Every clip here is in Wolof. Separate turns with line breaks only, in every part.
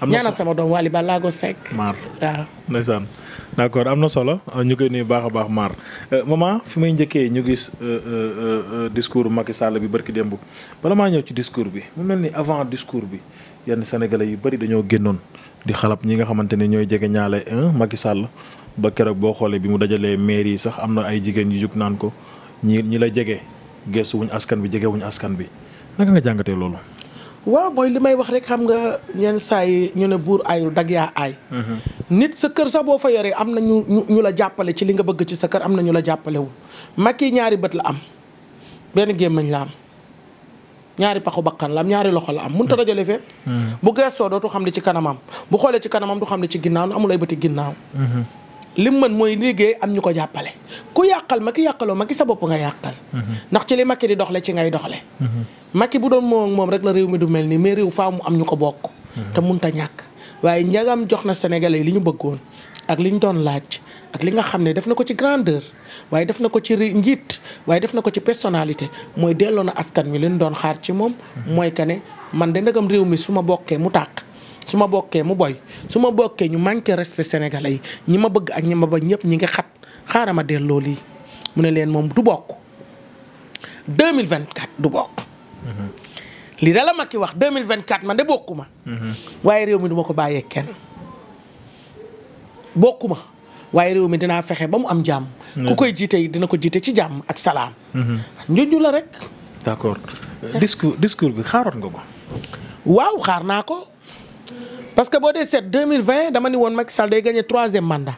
am na ñaanal
sama doom Wally Ballago Seck.
maar waaw ndeysaan d' accord am na solo ñu koy nuyu baax a baax maar euh, maman fi may njëkkee ñu gis euh, euh, discours Macky Sall bi barki démb bala maa ñëw ci discours bi mu mel ni avant discours bi yenn sénégalais yu bari dañoo génnoon di xalab ñi nga xamante ne ñooy jege ñaale Macky Sall ba keroog boo xoolee bi mu dajalee maire yi sax am na ay jigéen yu jug naan ko ñi ñi la jege gestu wuñ askan bi jege wuñ askan bi naka nga jàngatee loolu.
waaw mooy li may wax rek xam nga ñenn saa yi ñu ne buur aayul dag yaa aay. Mhm. nit sa kër sax boo fa yoree am na ñu ñu la jàppale ci li nga bëgg ci sa kër am na ñu la jàppalewul yi ñaari bët la am benn gémmañ la am ñaari paxu bakkan la am ñaari loxo la am. mënut a mhm. dajale fépp. Mhm. bu geestoo dootu xam ne ci kanamam bu xoolee ci kanamam du xam ne ci ginnaaw amul ay bëti ginnaaw. li mu mën mooy liggéey am ñu ko jàppale ku yàqal ma ki yàqaloo ma ki sa bopp nga yàqal. Mhm. ndax ci li Macky di doxle ci ngay doxle mhm. Macky bu doon moom moom rek la réew mi du mel nii mais réew faaw mu am ñu ko bokk. Mhm. te munta ñàkk waaye njagam jox na Sénégalais yi li ñu bëggoon ak li ñu doon laaj ak li nga xam ne def na ko ci grandeur waaye def na ko ci njiit waaye def na ko ci personalité mooy delloo na askan wi li ñu doon xaar ci moom. mooy que ne man de ndegam réew mi su ma bokkee mu tàq. su ma bokkee mu boy su ma bokkee ñu manqué respect sénégalais yi ñi ma bëgg ak ñi ma bañ ñëpp ñi nga xat xaaral ma delloo lii mu ne leen moom du bokk 2024 du bokk.
Mm-hmm.
lii da la Macky wax 2024 man de bokkuma. Mm-hmm. waaye réew mi du ma ko bàyyee kenn bokkuma waaye réew mi dinaa fexe ba mu am jàmm. ku mm-hmm. koy jiite yi dina ko jiite ci jàmm ak salaam. njuñu la rek. discours bi xaaroon nga ko. waaw xaar naa ko. parce que boo dee seet 2020 dama ni woon Macky Sall day gagné troisième mandat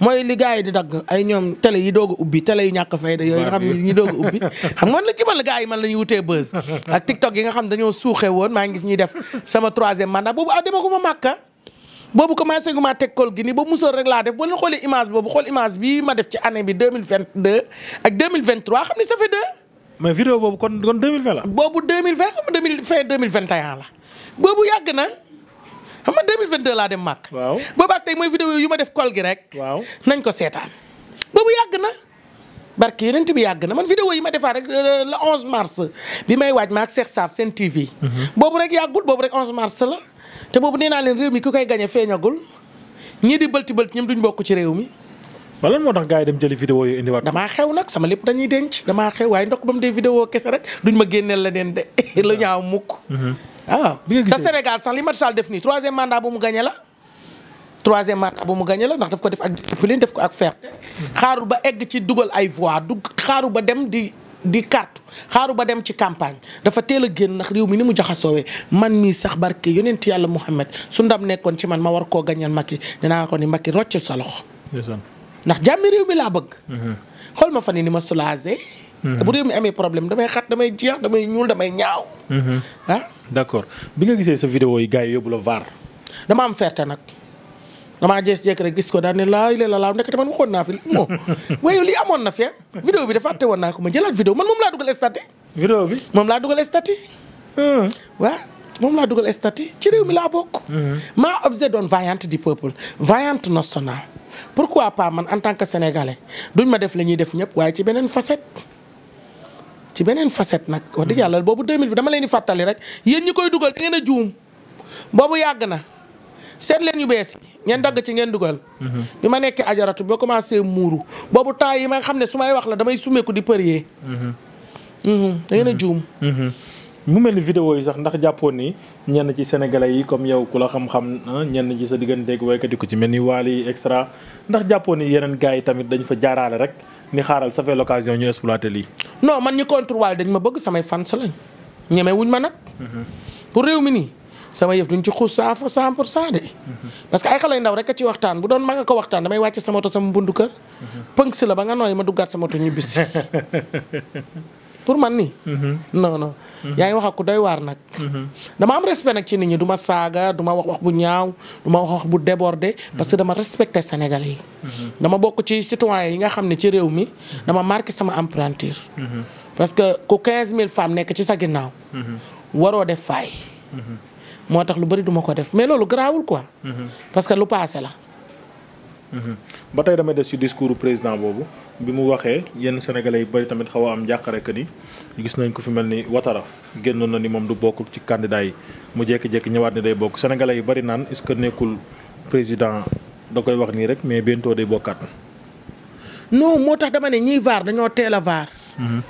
mooy li gars yi di dagg ay ñoom télé yi doog ubbi télé yu ñàkk fayda yooyu nga xam ne ñi doog a maa ngi gis ñuy def sama troisième mandat boobu ah dama ko xool image bi ma def ci année bi 2022 ak ni ça deux mais vidéo boobu kon kon 2020 la boobu boobu yàgg na xam nga 2022 laa dem màkk. waaw boobaak tey mooy vidéo yu ma def kol gi rek. waaw nañ ko seetaan. boobu yàgg na barke yeneen bi yàgg na man vidéo yi ma defaat rek euh, le 11 mars bi may waaj ma ak Cheikh Sarr seen TV. Mhm. boobu rek yàggul boobu rek 11 mars la te boobu nee naa leen réew mi ku koy gañe feeñagul ñii di bëlti bëlti ñoom duñ bokk ci réew mi.
ba lan moo tax gaa yi
dem jëli vidéo yi indiwaat. damaa xew nag sama lépp dañuy denc damaa xew waaye ndox ba mu dee vidéo kese rek duñ ma génneel la neen de lu ñaaw mukk mhm. ah bi Sénégal sax li ma Sall def nii troisième mandat bu mu gagné la. troisième mandat bu mu gagné la ndax daf ko def ak discipline def ko ak fierté xaaru ba egg ci dugal ay voix du xaaru ba dem di di carte xaaru ba dem ci campagne dafa teel a génn ndax réew mi ni mu jaxasoowee man mii sax barke yonent yàlla Mouhamed su ndam nekkoon ci man ma war koo gañal Macky dinaa ko ni Macky rocc sa loxo. ndax jàmmi réew mi laa bëgg. Mhm. xool ma fa ni ni ma soulagé. bu réew mi amee problème damay xat damay jeex damay ñuul damay ñaaw.
Mhm. ah. d'accord bi nga gisee sa vidéo yi gars yi yóbbu la VAR.
dama am ferte nag damaa jékki-jékki rek gis ko daal laa laay la laa nekk te man waxoon naa fi moom amoon na fi ah? vidéo bi dafa àtte woon naa ko ma jëlaat vidéo man moom laa dugal statut. vidéo bi moom laa dugal statut. Hmm. waaw moom laa dugal statut ci réew mi laa bokk. Hmm. maa objet doon vaillante du peuple vaillante nationale pourquoi pas man en tant que sénégalais duñ ma def la ñuy def ñëpp waaye ci beneen facette. ci beneen facette nag wax dëgg yàlla boobu 2000 bi dama leen di fàttali rek yéen ñi koy dugal da ngeen a juum boobu yàgg na seet leen yu bees yi ngeen dagg ci ngeen dugal bi ma nekkee ajaratu bi ma commencé muuru boobu temps yi ma xam ne su may wax la
damay sumeeku di përiyee mm-hmm. Mm-hmm. da ngeen a mu mel ni vidéo yi sax ndax jàppoon nii ñenn ci sénégalais yi comme yow ku la xam-xam ah, ñenn ci sa digganteeg waykat yi ko ci mel ni Wally extra ndax jàppoon ni yeneen gars yi tamit dañ fa jaaraale rek ni xaaral ça fait l'occasion ñu exploiter lii. non man ñi contre Wally dañ ma bëgg samay fans lañ
ñeme wuñ ma nag. pour réew mi nii sama yëf duñ ci xuus cent pour cent pour cent de. parce que ay xale yu ndaw rek a ci waxtaan bu doon mag a ko waxtaan damay wàcc sama sama bundu kër. pënk ba nga nooy ma duggaat sama oto ñu pour man nii. Mm-hmm. non non. Mm-hmm. yaa ngi wax ak ku doy waar nag. Mm-hmm. dama am respect nag ci nit ñi du ma saaga du wax wax bu ñaaw du ma wax wax bu débordé. parce que dama respecté Sénégalais yi. dama bokk ci citoyen yi nga xam ne ci réew mi dama marqué sama emprunture. parce que ku mille femmes nekk ci sa ginnaaw. waroo def faay. moo tax lu bëri duma ko def mais loolu garaawul quoi. parce que lu paase
la. ba tey damay des ci discours président boobu bi mu waxee yenn sénégalais yu bëri tamit xaw a am njàqare que ni gis nañ ko fi mel ni Ouattara génnoon na ni moom du bokk ci candidat yi mu jékki-jékki ñëwaat ni day bokk sénégalais yu bëri naan est-ce que nekkul président da koy wax nii rek mais bientôt day bokkaat.
non moo tax dama ne ñiy vaar dañoo teel a vaar. Mhm.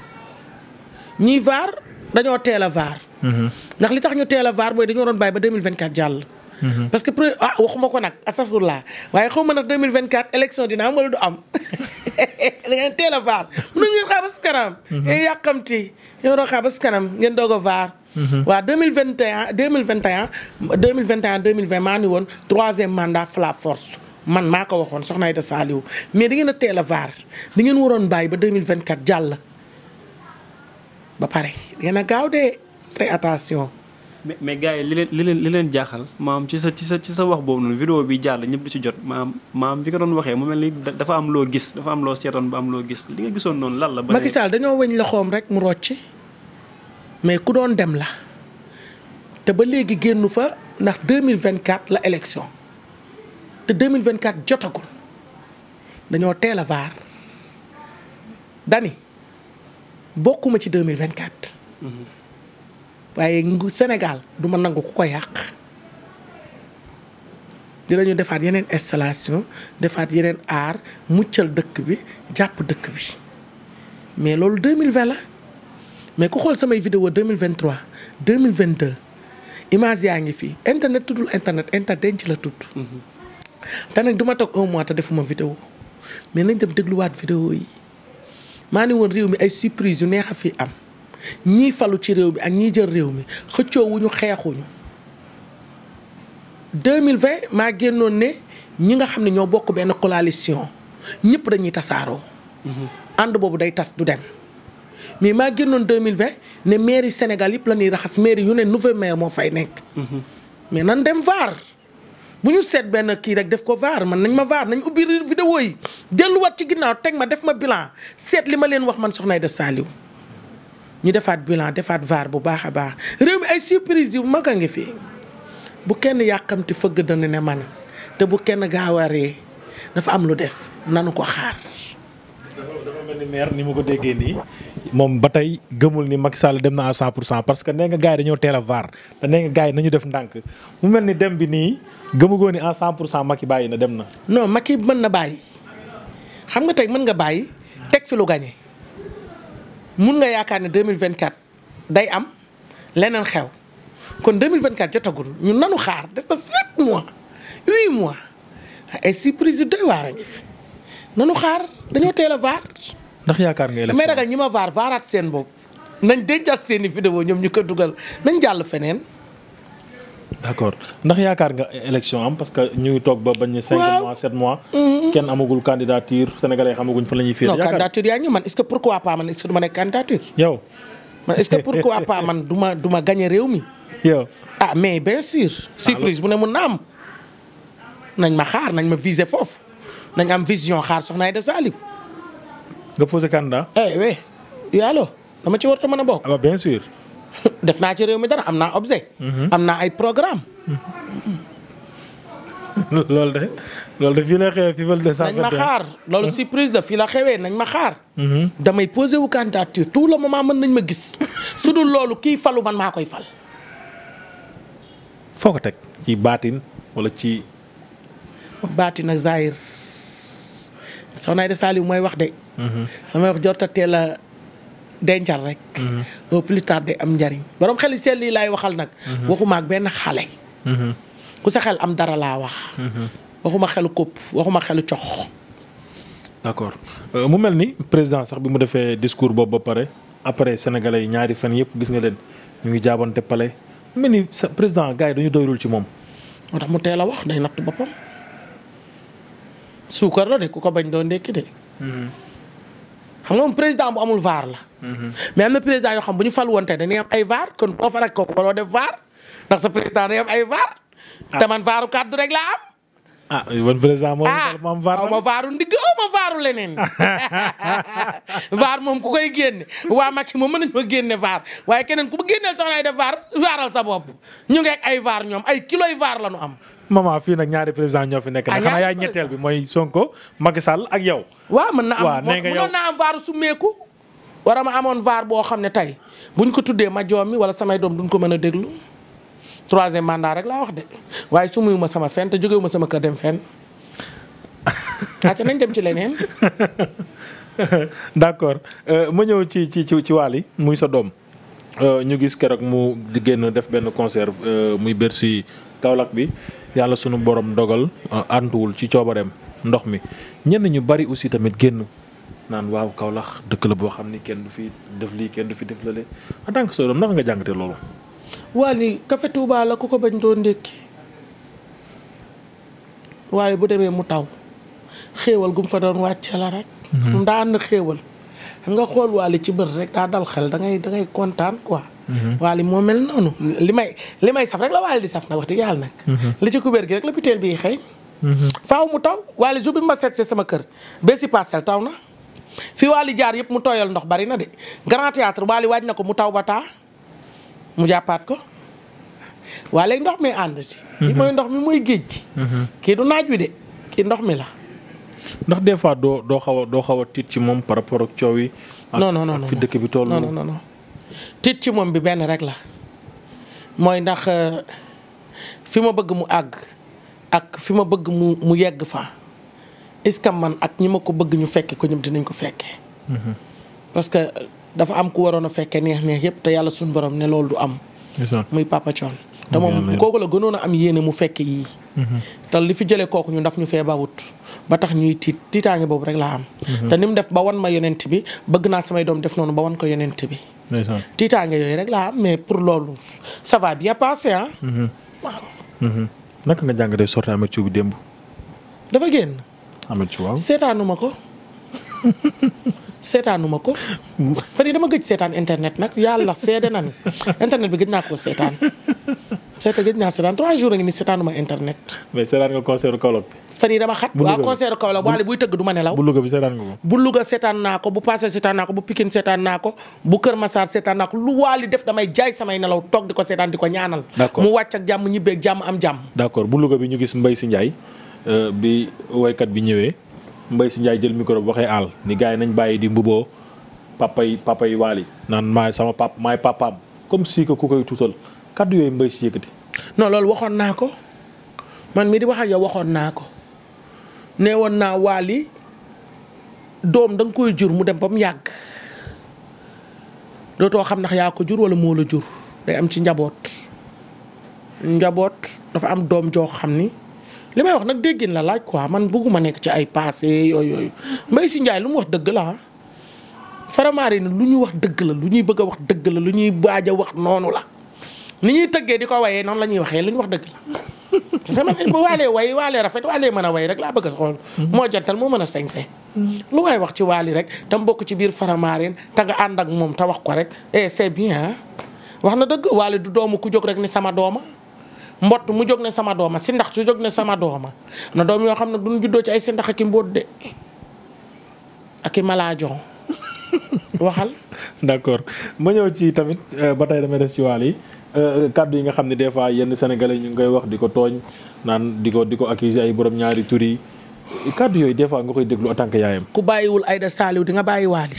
ñiy vaar dañoo teel a vaar. Mhm. ndax li tax ñu teel a vaar mooy dañoo doon bàyyi ba 2024 jàll. Mhm. parce que pour ah waxuma ko nag la waaye xaw ma nag 2024 élection dina am wala du am da ngeen teel a vaar mënuñ ngeen xaar ba si kanam. ngeen mhm. yàqamti ngeen doog xaar ba si kanam ngeen doog a vaar. waaw 2021 2021 2021 2020 maa ni woon troisième mandat fa la force. man maa ko waxoon soxna Aïda Saliou mais di ngeen a teel a vaar da ngeen waroon bàyyi ba 2024 jàll ba pare da ngeen a gaaw de très attention.
mais mais gars yi li leen li leen li leen jaaxal maam ci sa ci sa ci sa wax boobu noonu vidéo bi jàll ñëpp di ci jot maam maam bi nga doon waxee mu mel ni dafa am loo gis dafa am loo seetoon ba am loo gis li nga gisoon noonu lan la. ba Macky Sall
dañoo weñ loxoom rek mu rocci ku doon dem la te ba léegi génnu fa ndax 2024 la élection te 2024 jotagul dañoo teel a vaar dani bokkuma ci 2024. waaye ngu Sénégal du ma nangu ku ko yàq nañu defaat yeneen installation defaat yeneen aar muccal dëkk bi jàpp dëkk bi mais loolu 2020 la mais ku xool samay vidéo 2023 2022 image yaa ngi fii internet tuddul internet internet denc la tudd. Mm-hmm. te nag du ma toog un mois te defuma vidéo mais nañ dem dégluwaat vidéo yi maa ni woon réew mi ay surprise yu neex a fi am. ñii falu ci réew mi ak ñii jël réew mi ñu xeexuñu 2020 maa génnoon ne ñi nga xam ne ñoo bokk benn coalition ñëpp dañuy tasaaroo. Mm-hmm. ànd boobu day tas du dem. mais maa génnoon 2020 ne mairie Sénégal yëpp la ñuy raxas mairie yu ne nouveau maire moo fay nekk. Mm-hmm. mais nan dem vaar bu ñu seet benn kii rek def ko vaar man nañ ma vaar nañ ubbi vidéo yi delluwaat ci ginnaaw teg ma def ma bilan seet li ma leen wax man soxnaay de Saliou. ñu defaat bilan defaat vaar bu baax a baax réew mi ay surprise yu mag a ngi fi bu kenn yàkkamti fëgg dana ne man te bu kenn gaawaree dafa am lu des nanu ko xaar.
dafa ni maire ko déggee nii moom ba tey gëmul ni Macky Sall dem na à pour cent parce que nee nga gars yi dañoo teel a vaar te nee nga gars yi nañu def ndànk mu mel ni dem bi nii gëmugoo ni à 100 pour cent Macky bàyyi na dem na. non yi mën na bàyyi xam nga tey mën nga bàyyi teg fi lu gagné.
mun nga yaakaar ne 2024 day am leneen xew kon 2024 jotagul ñu nanu xaar des na 7 mois 8 mois ay surprise yu doy waar a ngi fi nanu xaar dañoo teel a vaar.
ndax yaakaar nga élection may ragal
ñi ma vaar vaaraat seen bopp nañ dencaat seen i vidéo ñoom ñu ko dugal nañ jàll
feneen. d' accord ndax yaakaar nga élection am parce que ñu ngi toog ba bañ a. 5 mois 7 mois. Mm-hmm. kenn amagul candidature sénégalais xamaguñ fa la ñuy. yaakaar non candidature yaa ngi man est ce que pourquoi pas man est ce ma nekk ma du réew mi.
yow ah mais bien sûr. surprise bu ne mun na am. nañ ma xaar nañ ma viser foofu nañ am vision xaar soxna Aïda Saliou. nga posé candidat. eh oui yàlla dama ci war a mën a bokk. ah bien sûr. def naa ci réew mi dara am naa objet.
Mhm. am naa ay programme loolu de loolu de fii la xewee fii nañ ma xaar loolu
surprise de fii la xewee nañ ma xaar. Mhm. damay posé wu candidature tout le moment mën nañ ma gis su dul loolu kii falu man maa koy fal.
foo ko teg ci baatin wala ci.
baatin ak Zahir soxna Aida Saliou mooy wax de. Mhm. samay wax jortatee la dencal rek. ba mm-hmm. plus tard am njariñ borom xel yu sell yi laay waxal nag. Mm-hmm. waxuma ak benn xale. Mm-hmm. ku sa am dara laa wax. waxuma
xelu kopp waxuma xelu cox. d'accord euh, mu mel ni président sax bi mu defee discours boobu ba pare après sénégalais yi ñaari fan yëpp gis nga leen ñu ngi jaabante pale mel ni sa président gars yi dañu doyrul ci moom. moo tax mu teel a wax day natt boppam.
suukar la de ku ko bañ doon ndekki de. xam nga moom président bu amul vaar la. Mhm. mais am na président yoo xam bu ñu fal woon tey dañuy am ay vaar kon koo faral kooku waroo def vaar ndax sa président day am ay vaar. Ah. te man vaaru kàddu rek laa am.
ah bon président moom ah,
moom vaar la ma vaaru ndigg ma vaaru leneen vaar moom ku koy génne waa Macky moom mën nañu ko génne vaar waaye keneen ku bu génneel soxna ay def vaar vaaral sa bopp ñu ay vaar ñoom ay kiloy vaar la ñu am.
maman fii nag ñaari président ñoo fi nekk nag ah, xanaa yaay ñetteel bi mooy Sonko Macky Sall ak yow. waa mën na am mënoon naa am vaar su meeku.
war a ma amoon vaar boo xam ne tey bu buñ ko tuddee ma joom mi wala samay doom duñ ko mën a déglu troisième mandat rek laa wax de waaye su muyu ma sama fenn te jógewu ma sama kër dem fenn aca nañ dem ci leneen.
d'accord euh, ma ñëw ci ci ci Wally muy sa doom euh, ñu gis keroog mu génn def benn concert euh, muy si Kaolack bi. yàlla sunu borom dogal euh, àntuwul ci coobareem ndox mi ñenn ñu bari aussi tamit génn naan waaw Kaolack dëkk la boo xam ni kenn du fi def lii kenn du fi def lale en soo doom naka nga jàngatee loolu.
waa ni ko bañ doon ndékki waaye bu demee mu taw xéewal gu mu fa doon wàccee la rek. mu mhm. daan xéewal nga xool waale ci bët rek daa dal xel da ngay kontaan quoi. Mhm. waali moo mel noonu li may li may saf rek la waali di saf nag wax dëgg yàlla nag mhm. li ci kubéer gi rek la biteel bii xëy mhm. faaw mu taw waali jour bi ma seet sama kër ba si parcelle taw na fii waali jaar yëpp mu tooyal ndox bari na de grand théâtre waali waaj na ko mu taw ba taa mu jàppaat ko waa léegi ndox mi ànd
ci kii mooy ndox mi muy géej kii du naaj wi de kii ndox mi la ndax des fois doo doo xaw doo xaw a tiit ci moom par rapport ak coow yi
non non non fi dëkk bi toll non non non tiit ci moom bi benn rek la mooy ndax euh, fi ma bëgg mu àgg ak fi ma bëgg mu mu yegg fa est-ce que man ak ñi ma ko bëgg ñu fekke ko ñoom dinañ ko fekkee. Mm-hmm. parce que dafa am ku waroon a fekkee neex neex yëpp te yàlla suñu borom ne loolu du am. muy Papa Thione. te moom kooku la gënoon a am yéene mu fekke yii. Mm-hmm. te li fi jëlee kooku ñu daf ñu fee bawut ba tax ñuy tiit tiitaange boobu rek laa am. Mm-hmm. te ni mu def ba wan ma yonent bi bëgg naa samay doom def noonu ba wan ko yonent bi. tiitaange yooyu rek laa am mais pour loolu ça va bien passer ah.
waaw. Mm-hmm. naka nga jàngatee sorti Ameth Thiou bi démb. dafa génn. Ameth Thiou waaw
seetaanuma ko. seetaanuma ko fan yi dama gëj seetaan internet nag yàlla seede na ni internet bi gëj naa koo seetaan seeta seetaan trois jours a ngi ni seetaanuma internet.
mais seetaan nga concert Kaolack bi.
fan yii dama xat waaw concert Kaolack waale buy tëgg du ma nelaw. bu Louga bi seetaan bu Louga seetaan naa ko bu Passé seetaan naa ko bu Pikine seetaan naa ko bu Kër Massar seetaan naa ko lu waali def damay jaay samay nelaw toog di ko seetaan di ko
ñaanal. mu wàcc ak jàmm ñibbeeg jàmm am jàmm. d' accord bu Louga bi ñu gis Mbaye si Ndiaye euh, mbay si Ndiaye jël micro bi waxee àll ni gars yi nañ bàyyi di mbuboo papay papay waali naan maay sama pap maay papaam comme si ku koy tuutal kaddu yooyu Mbaye si yëkkati. non loolu waxoon naa ko man mii di wax ak waxoon naa ko
nee woon naa waali doom da koy jur mu dem ba mu yàgg dootoo xam ndax yaa ko jur wala moo la jur day am ci njaboot njaboot dafa am doom joo xam ni. li may wax nag déggin la laaj quoi man bëgguma nekk ci ay passé yooyu yooyu si Sy lu mu wax dëgg la ah faramaari ni lu ñu wax dëgg la lu ñuy bëgg a wax dëgg la lu ñuy baaj wax noonu la ni ñuy tëggee di ko wayee noonu la ñuy waxee lu ñu wax dëgg la parce que bu waalee way waalee rafet waalee mën a way rek laa bëgg a moo jantal moo mën a sañse lu waay wax ci waali rek tam bokk ci biir faramaareen te nga ànd ak moom te wax ko rek eh c'est bien ah. wax na dëgg waali du doomu ku jóg rek ni sama dooma mbott mu jóg ne sama dooma si ndax su jóg ne sama dooma na doom yoo xam ne duñ juddoo ci ay si ndax ak i mbóot de ak i malaajon
waxal. d'accord ma ñëw ci tamit euh, ba tey damay des ci waal yi euh, yi nga xam ne des fois yenn sénégalais ñu ngi koy wax di ko tooñ naan di ko di ko accuser ay borom ñaari tur yi kàddu yooyu des fois nga koy déglu en yaayam. ku bàyyiwul Aïda Saliou di nga bàyyi waali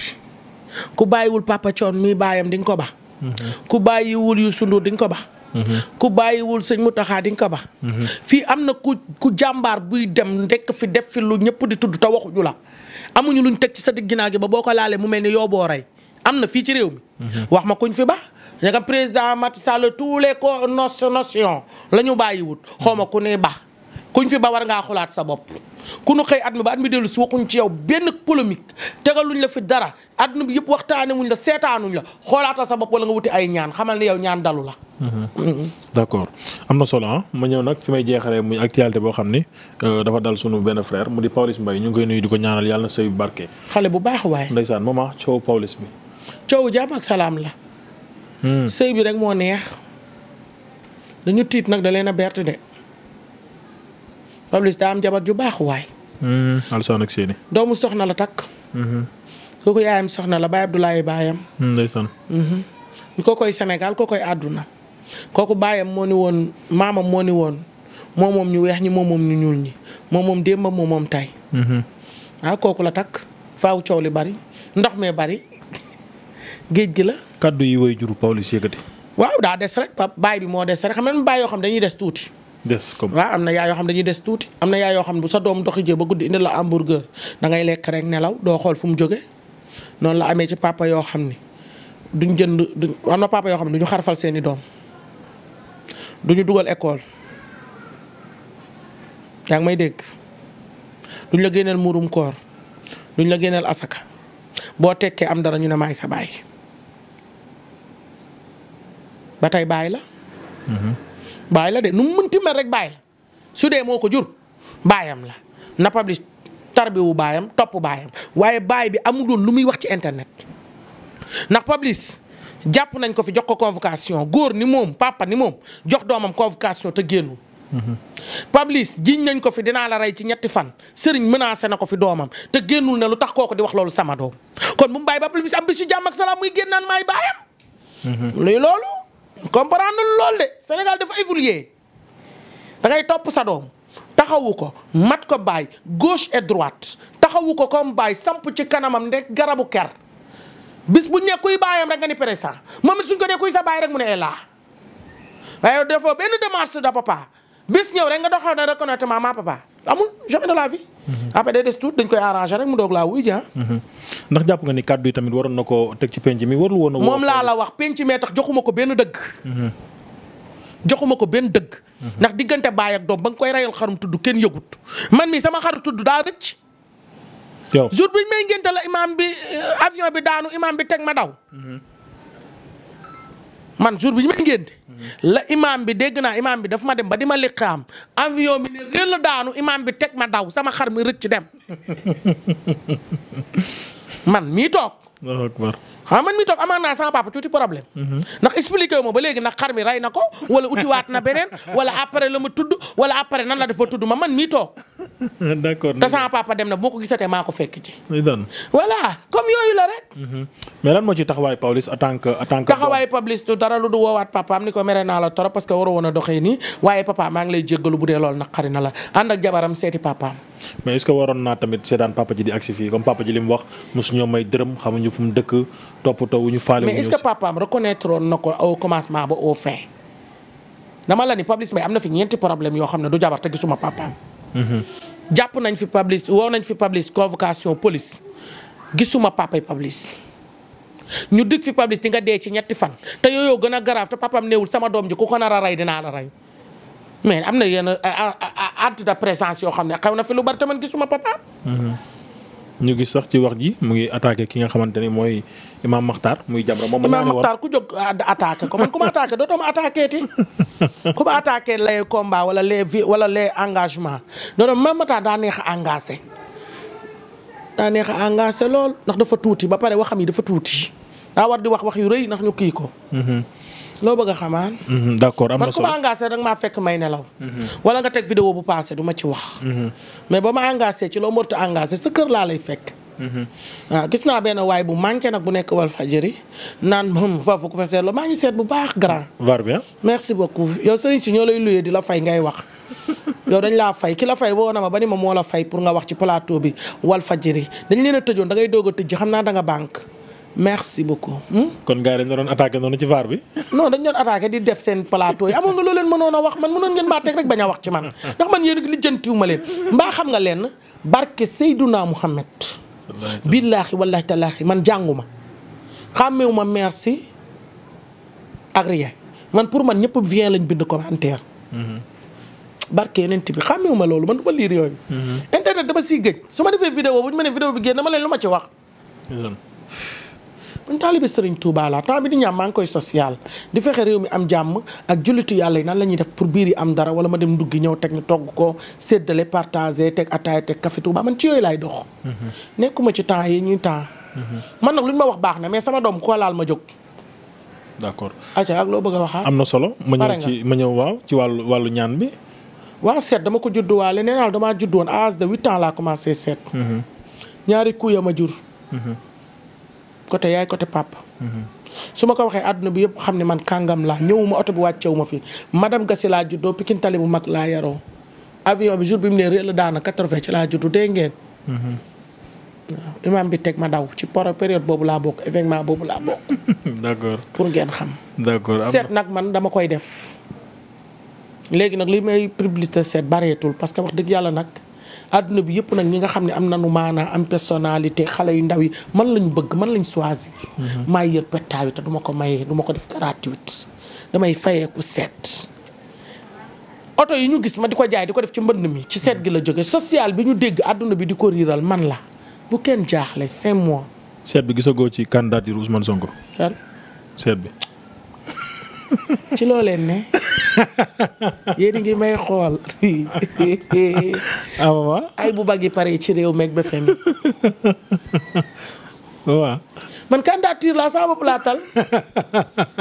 ku bàyyiwul Papa Thione mii baayam di nga ko ba. Mhm. ku bàyyiwul Youssou Ndour di nga ko ba. ku bàyyiwul sëñ mu taxaa di nga ko ba fii am na ku ku jàmbaar buy dem ndekk fi def fi lu ñëpp di tudd te waxuñu la amuñu luñ teg ci sa digg ginnaaw gi ba boo ko laalee mu mel ni yoo boo rey am na fii ci réew mi. wax ma kuñ fi ba nga président Macky Sall tous les notions la ñu bàyyiwut xaw ma ku ne ba kuñ fi ba war ngaa xulaat sa bopp ku nu xëy at mi ba at mi dellu si waxuñ ci yow benn polémique tegaluñ la fi dara àdduna bi yëpp waxtaane wuñ la seetaanuñ la xoolaatal sa bopp wala nga wuti ay ñaan xamal ne yow ñaan dalu la.
Mm-hmm. d'accord am na solo ah. ma ñëw nag fi may jeexalee muy actualité boo xam ni euh, dafa dal sunu benn frère mu di Pawlish Mbaye ñu ngi koy nuyu di ko ñaanal yàlla na sëy barke. xale bu baax waaye. ndeysaan maman ah, coow Pawlish bi. coow jàmm ak salaam la. Hmm. sëy bi rek moo neex.
dañu tiit nag da leen a berte Pablis daa am jabar ju baax waay.
Hmm, alsaan ak seeni.
doomu soxna la takk. kooku hmm. yaayam soxna la Baye Abdoulaye baayam. Hmm, ndeysaan. ko koy Sénégal ko koy àdduna. kooku baayam moo ni woon maamam moo ni woon moo moom ñu weex ñi moo moom ñu ñuul ñi moo moom démb moo moom tey. ah kooku la takk faaw coow li bari ndox mee bari
géej gi la. kaddu yi way juru Pawlish yëkkati. waaw
daa des rek baay bi moo des rek xam nga baay yoo xam dañuy des tuuti. des comme am na yaay yoo xam dañuy des tuuti. am na yaay yoo xam ne bu sa doom doxi jee ba guddi indi la hamburger da ngay lekk rek nelaw doo xool fu mu jóge noonu la amee ci papa yoo xam ni duñ jënd duñ am na papa yoo xam ne duñu seeni doom duñu dugal école yaa ngi may dégg duñ la génneel muurum koor duñ la génneel asaka boo tekkee am dara ñu ne maay sa baay ba tey baay la. Mm-hmm. bàyyi la de nu mu mënti mel rek bàyyi la su dee moo ko jur baayam la na publish tarbiwu baayam topp baayam waaye baay bi amul woon lu muy wax ci internet ndax publish jàpp nañ ko fi jox ko convocation góor ni moom papa ni moom jox doomam convocation te génnul. Pablis jiñ nañ ko fi dinaa la rey ci ñetti fan sëriñ menacé na ko fi doomam te génnul ne lu tax kooku di wax loolu sama doom kon bu mu bàyyi ba Pablis am bisu jàmm ak salaam muy génnaan comprendre lool de Sénégal dafa évoluer da ngay topp sa doom taxawu ko mat ko baay gauche et droite taxawu ko comme baay samp ci kanamam nekk garabu ker bis bu nekk kuy baayam rek nga ni président moom it suñ ko ne kuy sa baay rek mu ne laa waaye dafa benn démarche da papa bis ñëw rek nga doxal na reconnaître ma papa. amul jamais de la vie. Mhm. après day des tuuti dañ koy arrangé rek mu doog laa wuy ji ah.
mhm. ndax jàpp nga ni kàddu yi tamit waroon na ko teg ci penc mi warul woon a. moom laa
la wax penc mee tax joxuma ko benn dëgg. Mhm. joxuma ko benn dëgg. ndax diggante baay doom ba koy reyal xarum tudd kenn yëgut man mi sama xarum tudd daa rëcc. jour bi ñu may ngénte la bi euh, avion bi daanu imaam bi teg ma daw. man jour bi ñu may la imaam bi dégg naa imaam bi dafa ma dem ba di ma liqaam avion bi ne réel daanu imaam bi teg ma daw sama xar mi rëcc dem. man mii toog. ah man mii toog amaan naa sama papa tuuti problème. Mhm. ndax expliqué ma ba léegi ndax xar mi ray na ko wala utiwaat na beneen wala après la ma tudd wala après nan la def ba tudd ma man mii toog.
d'accord te sama
papa dem na boo ko gisatee maa ko fekk ci. voilà comme yooyu la rek.
Mhm. mais lan moo ci taxawaayu Pawlish en tant que en tant
taxawaayu Pawlish du dara lu du woowaat papaam ni ko mere naa la trop parce que waroo woon a doxee nii waaye papa maa ngi lay jéggalu bu dee loolu naqari na la ànd jabaram seeti papaam.
mais est que waroon naa tamit seetaan papa ji di agsi fii comme papa ji li mu wax mosu may dërëm xamuñu fu mu dëkk toppatoo wu ñu faale mais est-ce que
papaam reconnaître na ko au ba au fin dama la ni Pablis am na fi ñeenti problème yoo xam ne du jabar te gisuma papaam mhm. jàpp nañ fi Pablis woo nañ fi Pablis convocation police gisuma papay Pablis ñu dikk fi Pablis di nga dee ci ñetti fan te yooyu gën a grave te papaam néewul sama doom ji ku ko a rey dinaa la rey mais am na yenn euh, euh, euh, acte de présence yoo xam ne xew na fi lu bari man gisuma papa.
ñu gis sax ci wax ji mu ngi attaqué ki nga xamante ni mooy Imaam Makhtar muy Jamra moom. Imaam Makhtar
ku jóg attaqué ko man ku ma attaqué dootoo ma attaqué ti ku wala les vi wala les engagements dootoo Imaam daa neex a engagé. daa neex a lool ndax dafa tuuti ba pare waxam yi dafa tuuti daa war di wax wax yu rëy ndax ñu kii ko. Mhm. loo bëgg a xamaan.
Mhm, d'accord am na solo man ku ma
engagé rek maa fekk may nelaw. wala nga teg vidéo bu passé du ma ci wax. Mhm. mais ba ma engagé ci loo mënut a engagé sa kër laa lay fekk. Mhm. waaw gis naa benn waay bu manqué nag bu nekk wal fajari naan moom foofu ku fa seetloo maa ngi seet bu baax grand. var bien merci beaucoup yow si ñoo lay luyee di la fay ngay wax. yow dañ laa fay ki la fay woo na ba ni ma moo la fay pour nga wax ci plateau bi wal fajari dañ leen a tëjoon da ngay doog a tëj xam naa da
merci beaucoup. Hmm? kon gars yi dañu doon attaqué noonu ci vaar bi. non
dañu doon attaqué di def seen plateau yi amoon nga loo leen mënoon a wax man mënoon ngeen maa teg rek bañ a wax ci man ndax man yéen li jëntiwu ma leen mbaa xam nga leen barke Seydouna Muhammad. billaahi wallaahi tallaahi man jànguma xàmmewu ma merci ak rien man pour man ñëpp vient lañ bind commentaire. Mhm. barke yonent bi xàmmewu ma loolu man du ma liir yooyu. Mhm. internet dama siy gëj su ma defee vidéo bu ñu ma ne vidéo bi génn ma leen lu ma ci wax. man taalibe Serigne Touba la temps bi di ñaam maa ngi koy social di fexe réew mi am jàmm ak jullitu yàlla yi nan la ñuy def pour biir yi am dara wala ma dem nduggi ñëw teg ñu togg ko séddale partagé teg ataaya teg café Touba man ci yooyu laay dox. Mhm. nekkuma ci temps yi ñuy temps. Mhm. man nag lu ñu ma wax baax na mais sama doom koo laal ma jóg. d'accord acca ak loo bëgg a waxaat. am na solo ma ñëw
ma ñëw waaw ci wàllu wàllu ñaan bi. waaw seet dama ko judduwaale nee naa damaa judd woon à l'âge de
huit ans laa commencé seet. Mhm. ñaari kuy ya ma jur. côté yaay coté papa. su ma ko waxee àdduna bi yëpp xam ne man kàngam laa ñëwuma oto bi wàccewu ma fi madame Gassé laa juddoo Pikine tali bu mag laa yaroo avion bi jour bi mu ne réel daana 80 ci laa juddu dee ngeen.
waaw
imam bi teg ma daw ci poro période boobu laa bokk événement boobu laa bokk. d'accord pour ngeen xam.
d'accord seet
nag man dama koy def. léegi nag li may publicité seet bareetul parce que wax dëgg yàlla nag. àdduna bi yëpp nag ñi nga xam ne am nañu maanaa am personalité xale yu ndaw yi man lañu bëgg man lañu choisir. Mhm. maa yër pettaaw yi te du ko mayee duma ko def gratuite damay fayeeku seet. oto yi ñu gis ma di ko jaay di ko def ci mbënd mi ci seet gi la jóge social bi
ñu dégg àdduna bi di ko riiral man la
bu kenn jaaxle cinq mois.
seet bi gisagoo ci candidature Ousmane Sonko. seet bi. ci loo leen ne yéen ngi may xool. Ah, awa
ay bu bagi pare ci réew meeg ba fenn. waaw. man candidature laa sama bopp laa tal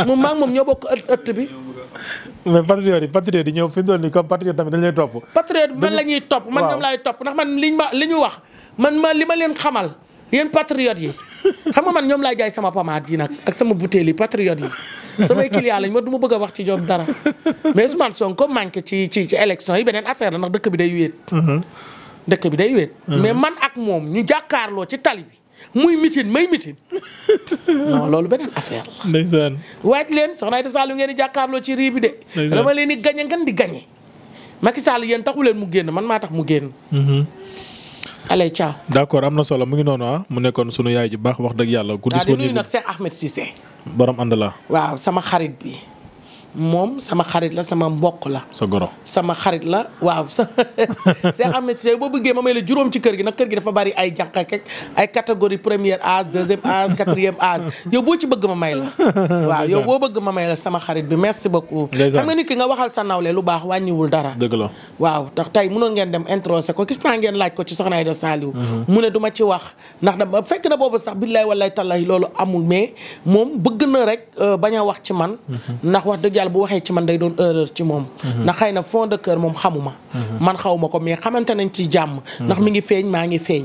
moom maa ngi moom ñoo bokk ëtt bi.
mais patriote yi patriote yi ñëw fi mu doon nii comme patriote tamit dañu lay topp.
patriote bi man la ñuy topp man ñoom laay topp ndax man liñ ma li ñu wax man ma li ma leen xamal yéen patriote yi xam nga man ñoom laay jaay sama pomade yi nag ak sama bouteille yi patriote yi. samay client lañ ma du ma bëgg wax ci ñoom dara mais Ousmane Sonko manqué ci ci ci yi beneen affaire la ndax dëkk bi day wéet. Mhm. dëkk bi day wéet. Mhm. mais man ak moom ñu jàkkaarloo ci tali bi. muy mitin may mitin non loolu beneen affaire
la. ndeysaan
waaj leen soxna Aïda Sall ngeen di jàkkaarloo ci rii bi de. dama leen di gañe ngeen di gañe. Macky Sall yéen taxu leen mu génn man maa tax mu génn. Mhm. allez ciao.
d' accord am na solo mu ngi noonu ah mu nekkoon sunu yaay ji baax wax dëgg yàlla. ku disponible waaw di borom ànd la.
waaw sama xarit bi. moom sama xarit la sama mbokk la. sa goro sama xarit la waaw sa am Ahmed Cissé boo bëggee ma may la juróom ci kër gi nag kër gi dafa bari ay jànq ak ay catégorie première âge deuxième âge quatrième âge yow boo ci bëgg ma may la. waaw yow boo bëgg ma may la sama xarit bi merci beaucoup. xam nga nit ki nga waxal sa nawle lu baax wàññiwul dara. dëgg la waaw ndax tey mënoon ngeen dem introsé ko gis naa ngeen laaj ko ci soxna Aïda Saliou. Mhm. mu ne du ma ci wax ndax da fekk na boobu sax billaay wallaay tallaay loolu amul mais moom bëgg na rek euh, bañ a wax ci man. Mhm. yàlla bu waxee ci man day doon erreur ci moom mhm. ndax xëy na fond de cœur moom xamuma mhm. man xawma ko mais xamante nañ ci jàmm ndax mi ngi feeñ maa ngi feeñ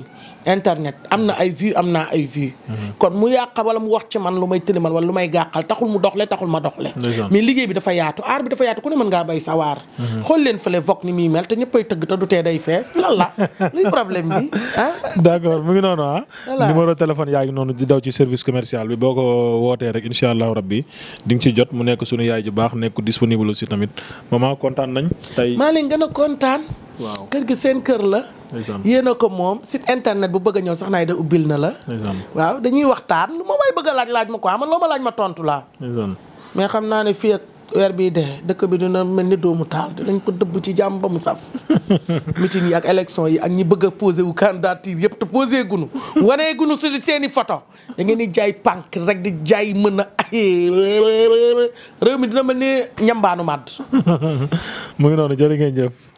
internet am na ay vues am naa ay vues. Mhm. kon mu yàqa wala mu wax ci man lu may tëlimal wala lu may gàqal taxul mu doxle taxul ma doxle mais liggéey bi dafa yaatu aar bi dafa yaatu ku ne mën ngaa béy sa mhm. xool leen fële vogue ni muy mel te ñëppay tëgg te du tee day fees lan luy problème bi
ah. d' accord mu ngi noonu ah. numéro téléphone yaa noonu di daw ci service commercial bi boo ko wootee rek incha allahu rabbi di nga ci jot mu nekk sunu yaay ju baax
a yéen a ko moom site internet bu bëgg a ñëw sax naay da ubbil na la waaw dañuy waxtaan lu ma bëgga laaj laaj ma ko ah, man loo ma laaj ma tontu laa mais xam naa ne fii ak weer bii de dëkk bi dina mel ni doomu taal dinañ ko dëbb ci jàmm ba mu saf meeting yi ak élection yi ak ñi bëgg a posé wu candidature yëpp te posé gunu wanee gunu su seen i photo da ngeen di jaay pànk rek di jaay mën a réew mi dina mel ni ñambaanu màdd
mu ngi noonu jërë ngeen